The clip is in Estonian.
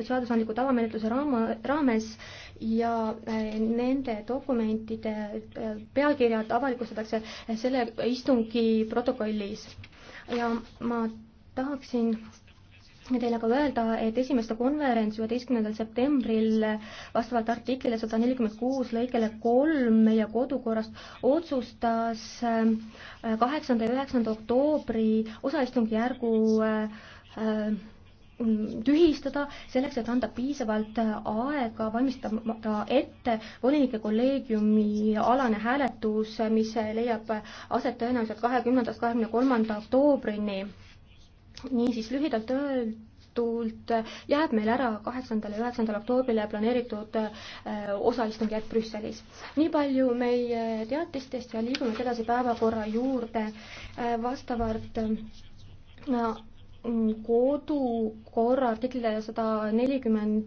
seadusandliku tavamenetluse raama, raames ja äh, nende dokumentide äh, pealkirjad avalikustatakse äh, selle istungi protokollis. ja ma tahaksin teile ka öelda, et esimeste konverents üheteistkümnendal septembril vastavalt artiklile sada nelikümmend kuus lõikele kolm meie kodukorrast otsustas kaheksanda ja üheksanda oktoobri osaistungjärgu tühistada, selleks et anda piisavalt äh, aega valmistada ette volinike kolleegiumi alane hääletus, äh, mis äh, leiab aset tõenäoliselt kahekümnendast kahekümne kolmanda oktoobrini. niisiis lühidalt öeldult jääb meil ära kaheksandal ja üheksandal oktoobrile planeeritud osaistungjärk Brüsselis. nii palju meie teatistest ja liigume edasi päevakorra juurde vastavalt no, kodukorra artiklile sada nelikümmend